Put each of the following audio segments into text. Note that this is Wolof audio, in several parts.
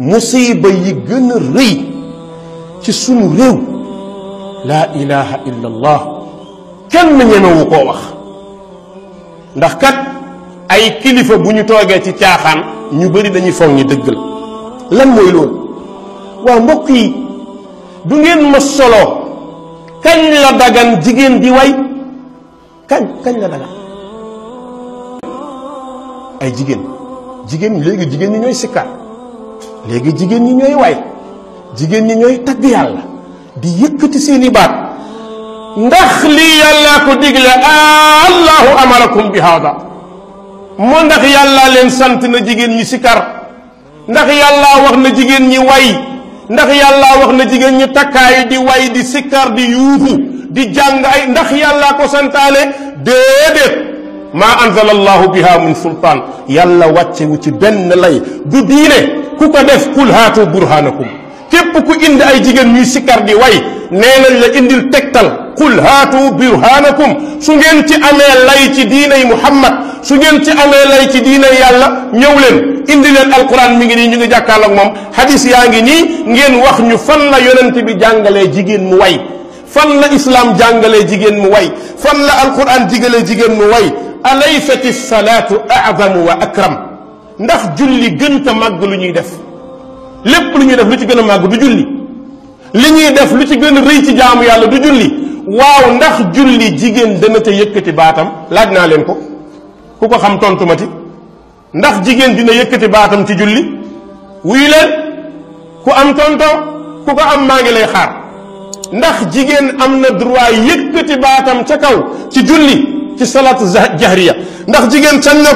musiba yi gën a rëy ci sunu réew laa ilaha illa kenn ñemewu koo wax ndax kat ay kilifa bu ñu toogee ci caaxaan ñu bari dañuy foog ni dëggal lan mooy loolu waa mbokk yi du ngeen ma solo kañ la dagan jigéen di way kañ kañ la dagan ay jigéen jigéen léegi jigéen ñi ñooy sikkaat léegi jigéen ñi ñooy way jigéen ñi ñooy tagg yàlla di yëkkati seeni baat ndax lii yàllaa ko digle allahu amarakum bi hada moo ndax yàllaa leen sant na jigéen ñi sikar ndax yàllaa wax na jigéen ñi way ndax yàllaa wax na jigéen ñi takkaay di way di sikar di yuuxu di jàng ay ndax yàllaa ko santaane déedéet maa anzala allahu biha min sultaan yàlla wàccewu ci benn lay du diine ku ko def kul haatu burhanakum képp ku indi ay jigéen ñuy sikkar di way nee nañ la indil tegtal qul haatu burhanakum su ngeen ci amee lay ci diiney muhammad su ngeen ci amee lay ci diiney yàlla ñëw leen indi leen alquran mi ngi nii ñu ngi jàkkaarloo moom hadis yaa ngi nii ngeen wax ñu fan la yonent bi jàngalee jigéen mu way fan la islam jàngalee jigéen mu way fan la alquran jigalee jigéen mu way alaysati salaatu a'zamu wa akram ndax julli gën ta màgg lu ñuy def lépp lu ñuy def lu ci gën a màgg du julli li ñuy def lu ci gën a rëy ci jaamu yàlla du julli waaw ndax julli jigéen dana ca yëkkati baatam laaj naa leen ko ku ko xam tontu ma ndax jigéen dina yëkkati baatam ci julli wuyu leen ku am tonto ku ko am maa ngi lay xaar ndax jigéen am na droit yëkkati baatam ca kaw ci julli ci salaatu jahriya ndax jigéen sa na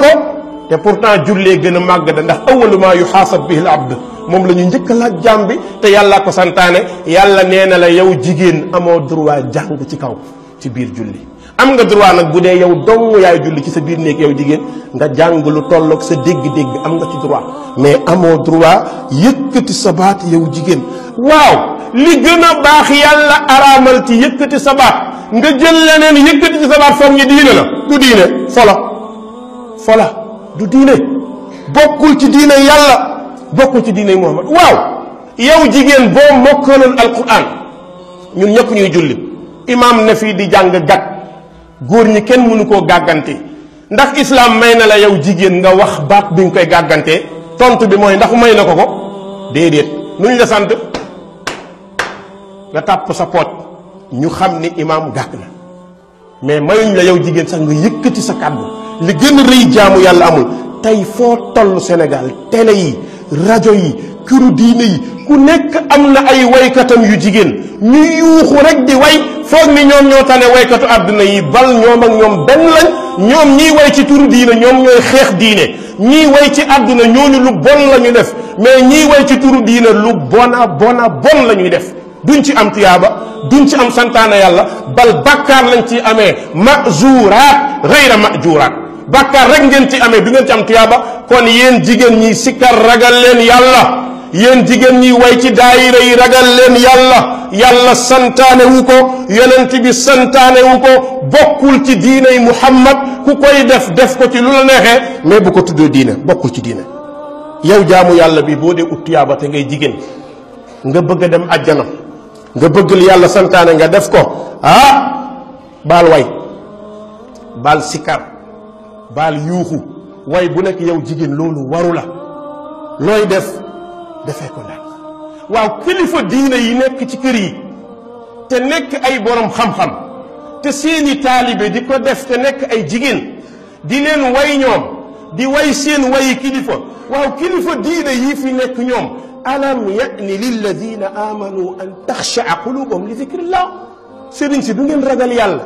te pourtant jullee gën a màgg da ndax awalu maa yuxaasab bihi l moom la ñu njëkk a laaj jaam bi te yàllaa ko santaane yàlla nee na la yow jigéen amoo droit nga ci kaw ci biir julli am nga droit nag bu dee yow dong yaay julli ci sa biir néeg yow jigéen nga jàng lu tolloog sa dégg-dégg am nga ci droit mais amoo droit yëkkati sa baat yow jigéen waaw li gën a baax yàlla araamal ci yëkkati sa baat nga jël leneen yëkkati ci sa baat foog ñi diine la du diine fola fola du diine bokkul ci diine yàlla bokkul ci diine Muhammad waaw yow jigéen boo mokkaloon alquran ñun ñëpp ñuy julli imaam na fii di jàng gàgg góor ñi kenn mënu koo gàggante ndax islaam may na la yow jigéen nga wax baat bi nga koy gàggantee tontu bi mooy ndax may na ko ko déedéet nuñ la sant nga tàpp sa pooj ñu xam ni imaam gàkk na mais mayuñ la yow jigéen sax nga yëkkati sa kàddu li gën a rëy jaamu yàlla amul tey foo toll Sénégal télé yi rajo yi këru diine yi ku nekk am na ay waykatam yu jigéen ñu yuuxu rek di way foog ni ñoom ñoo tane waykatu àdduna yi bal ñoom ak ñoom benn lañ ñoom ñiy way ci turu diine ñoom ñooy xeex diine ñiy way ci àdduna ñooñu lu bon la ñu def mais ñiy way ci turu diine lu bona bona bon la ñuy def duñ ci am tiyaaba duñ ci am santaane yàlla bal bàkkaar lañ ci amee majuraat gayra majuraat bàkkaar rek ngeen ci amee du ngeen ci am tiyaaba kon yéen jigéen ñi sikkar ragal leen yàlla yéen jigéen ñi way ci daayira yi ragal leen yàlla yàlla santaane wu ko yonent bi santaane wu ko bokkul ci diiney muhammad ku koy def def ko ci lu la neexee mais bu ko tuddee diine bokkul ci diine yow jaamu yàlla bi boo dee ut tiyaaba te ngay jigéen nga bëgg a dem ajjana nga bëgg li yàlla santaane nga def ko ah baal way baal sikar baal yuuxu way bu nekk yow jigéen loolu waru la looy def defee ko ndànk waaw kilifa diine yi nekk ci kër yi te nekk ay boroom xam-xam te seeni taalibe di ko def te nekk ay jigéen di leen way ñoom di way seen wayi kilifa waaw kilifa diine yi fi nekk ñoom ألم يأن للذين آمنوا أن تخشع قلوبهم لذكر الله سيرين سي دوغين راغال يالا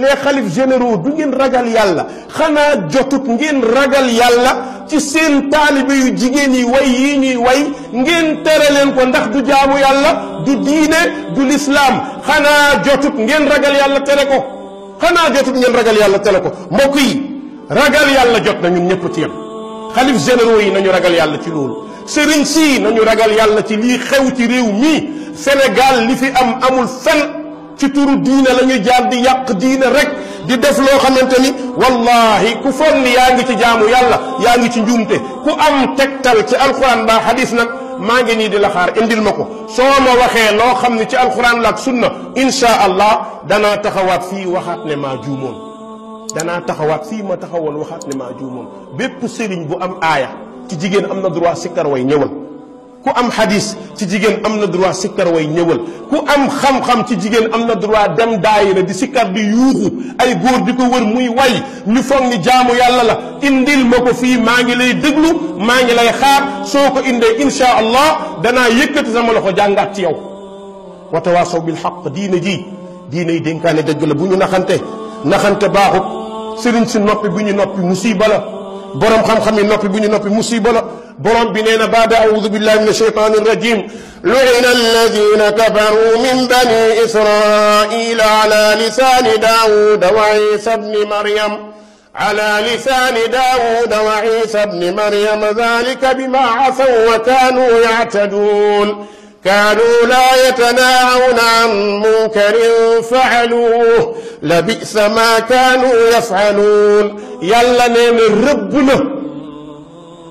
لي خليف جينيرو دوغين راغال يالا خنا جوتوت نين راغال يالا تي سين طالب يو جيغيني واي ييني واي نين تيرالين كو ندخ دو جامو يالا دو دين دو الاسلام خنا جوتوت نين راغال يالا تيلكو خنا جوتوت نين راغال يالا تيلكو موكي راغال يالا جوتنا نين نيب تيام خليف جنرال وي نانيو راغال يالا تي لول نانيو راغال يالا تي لي خيو مي سينغال لي في ام امول فن تي تورو دين لا ني دين ريك دي ديف لو خامتاني والله كفر لي ياغي تي جامو يالا ياغي كو ام تكتل تي القران با حديث نا ماغي ني دي لا مكو سو ما واخه لو خامني سنه ان شاء الله دانا تخوات في وخات ما danaa taxawaat fii ma taxawoon waxaat ne maa juumoon bépp sëriñ bu am aaya ci jigéen am na droit sikkar way ñëwal ku am xadis ci jigéen am na droit sikkar way ñëwal ku am xam-xam ci jigéen am na droit dem daayira di sikkar di yuuxu ay góor di ko wër muy way ñu foog ni jaamu yàlla la indil ma ko fii maa ngi lay déglu maa ngi lay xaar soo ko indee insha allah danaa yëkkati sama loxo jàngaat ci yow watawaasaw bil xaq diine ji diine yi dénkaane dëgg la bu ñu naxante naxante baaxut سيرين سي نوبي بو ني نوبي مصيبه لا بوروم خام خامي نوبي بو نوبي مصيبه لا بوروم بي بعد اعوذ بالله من الشيطان الرجيم لعن الذين كفروا من بني اسرائيل على لسان داوود وعيسى بن مريم على لسان داود وعيسى بن مريم ذلك بما عصوا وكانوا يعتدون كانوا لا يتناهون عن منكر فعلوه لبئس ما كانوا يفعلون يلا نيم ربنا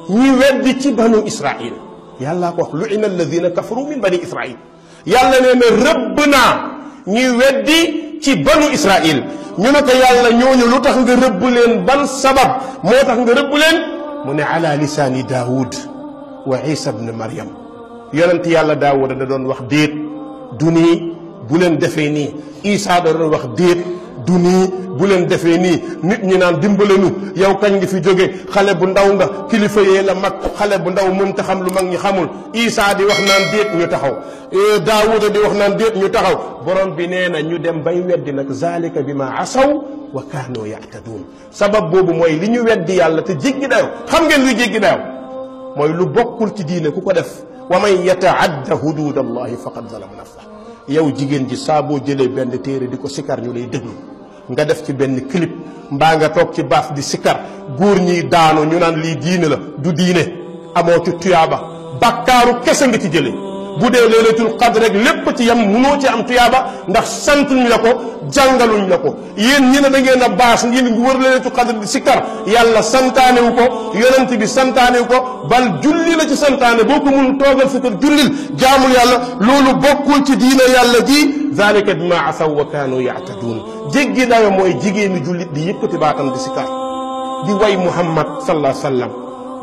نيود تي بنو اسرائيل يلا كوخ لعن الذين كفروا من بني اسرائيل يلا نيم ربنا نيود تي بنو اسرائيل نيوكا يلا نيوني لوتاخ نغ رب لين بان سبب موتاخ نغ رب لين من على لسان داوود وعيسى ابن مريم yonent yàlla daawuda da doon wax déet du nii bu leen defee nii isaa da doon wax déet du nii bu leen defee nii nit ñi naan dimbalenu yow kañ ngi fi jóge xale bu ndaw nga kilifa yee la mag xale bu ndaw mënta xam lu mag ñi xamul isaa di wax naan déet ñu taxaw e, daawuda di wax naan déet ñu taxaw borom bi nee na ñu dem bay weddi nag zalika bi ma asaw wa kaanoo yaataduun sabab boobu mooy li ñu weddi yàlla te jéggi dayo xam ngeen luy jéggi dayo mooy lu bokkul ci diine ku ko def wa man yataadda hududallahi faqad zalama nafsa yow jigéen ji saa boo jëlee benn téere di ko sikar ñu lay déglu nga def ci benn clip mbaa nga toog ci baaf di sikar góor ñiy daanu ñu naan lii diine la du diine amoo ci tuyaaba bakkaaru kese nga ci jëlee bu dee laylatul qadr rek lépp ci yam munoo ci am tuyaaba ndax santuñ la ko jàngaluñ la ko yéen ñi ne da ngeen a baas yéen ngi wër laylatul qadr di sikkar yàlla santaane wu ko yonent bi santaane wu ko bal julli la ci santaane boo ko mun toogal sikkar jullil jaamul yàlla loolu bokkul ci diina yàlla ji zalika bima asaw wa kaanu yaataduun jéggi dayo mooy jigéeni jullit di yëkkati baatam di sikkar di way muhammad sallallahu sallam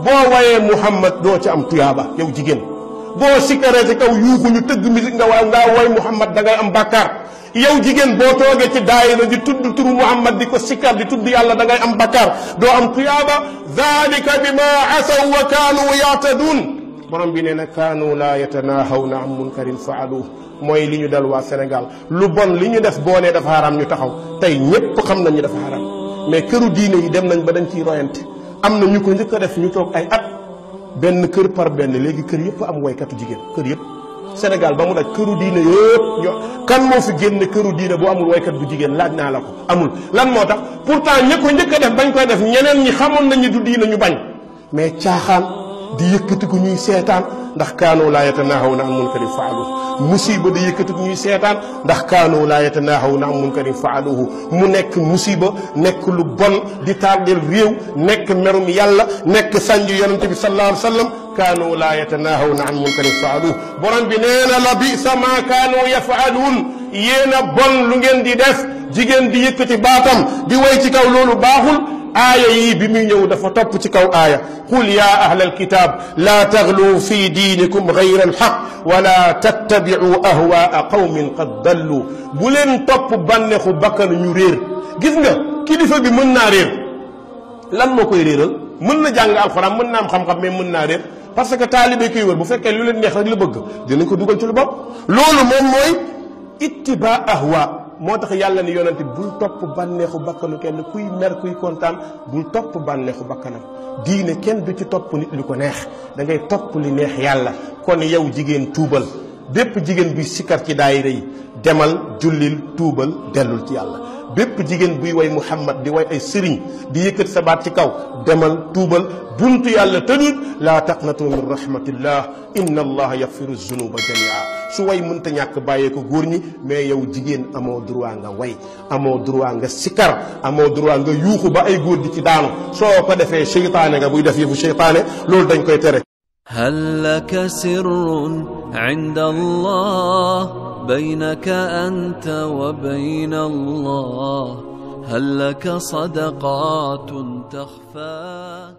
boo wayee muhammad doo ci am tuyaaba yow jigéen boo sikkaree ci kaw yuuxu ñu tëgg musique nga waaw ngaa woy Muhammad da ngay am bàkkaar yow jigéen boo toogee ci daayira di tudd turu Muhammad di ko sikkar di tudd yàlla da ngay am bàkkaar doo am tuyaaba dalika bima asaw wa kaanu yaataduun borom bi nee na kaanu laa yatanaahawna an munkarin faaluuh mooy li ñu dal waa Sénégal lu bon li ñu def boo nee dafa ñu taxaw tey ñépp xam nañ ñu dafa haram mais këru diine dem nañ ba dañ ciy royante am na ñu ko def ñu toog ay at benn kër par benn léegi kër yëpp am waykatu jigéen kër yëpp Sénégal ba mu daj këru diine yëpp ñoo kan moo fi génne këru diine bu amul waykat bu jigéen laaj naa la ko amul lan moo tax pourtant ña ko njëkk a def bañ koy def ñeneen ñi xamoon nañu du diine ñu bañ mais caaxaan di yëkkati ku ñuy seetaan ndax kaanoo laa yatanaahaw na am munkarin faaluhu musiba di yëkkati ku ñuy seetaan ndax kaanoo laa na am munkarin faaluhu mu nekk musiba nekk lu bon di tardel réew nekk merum yàlla nekk sànj yonent bi sallallahu alayhi wa sallam kaanoo laa yatanaahaw na munkarin faaluhu borom bi nee na la bisa maa kaanoo yafaaluun yéen a bon lu ngeen di def jigéen di yëkkati baatam di way ci kaw aya yi bi muy ñëw dafa topp ci kaw aya qul ya ahla alkitab la taghlu fi dinikum ghayra alhaq la tattabiu ahwaa qawmin qad dallu bu len topp banexu bakkan ñu réer gis nga kilifa bi mën naa réer lan moo koy réeral mën na jàng alxuraan mën naa am xam-xam mais mën naa réer parce que taalibe kuy wër bu fekkee lu leen neex rek la bëgg dinañ ko dugal ci lu bopp loolu moom mooy ittiba ahwa' moo tax yàlla ni yonent bul topp bànneexu bakkanu kenn kuy mer kuy kontaan bul topp bànneexu bakkanam diine kenn du ci topp nit lu ko neex da ngay topp li neex yàlla kon yow jigéen tuubal bépp jigéen bi sikkar ci daay rey demal jullil tuubal dellul ci yàlla bépp jigéen buy way Muhammad di way ay sëriñ di yëkkat sa ci kaw demal tuubal buntu yàlla tëjut laa taqnatu min rahmatillah inna allaha yaxfiru zunuba jamia su way mënta ñàkk bàyyee ko góor ñi mais yow jigéen amoo droit nga way amoo droit nga sikar amoo droit nga yuuxu ba ay góor di ci daanu soo ko defee seytaane nga buy def yëfu seytaane loolu dañ koy tere. hal laka sirrun inda allah بينك أنت وبين الله هل لك صدقات تخفى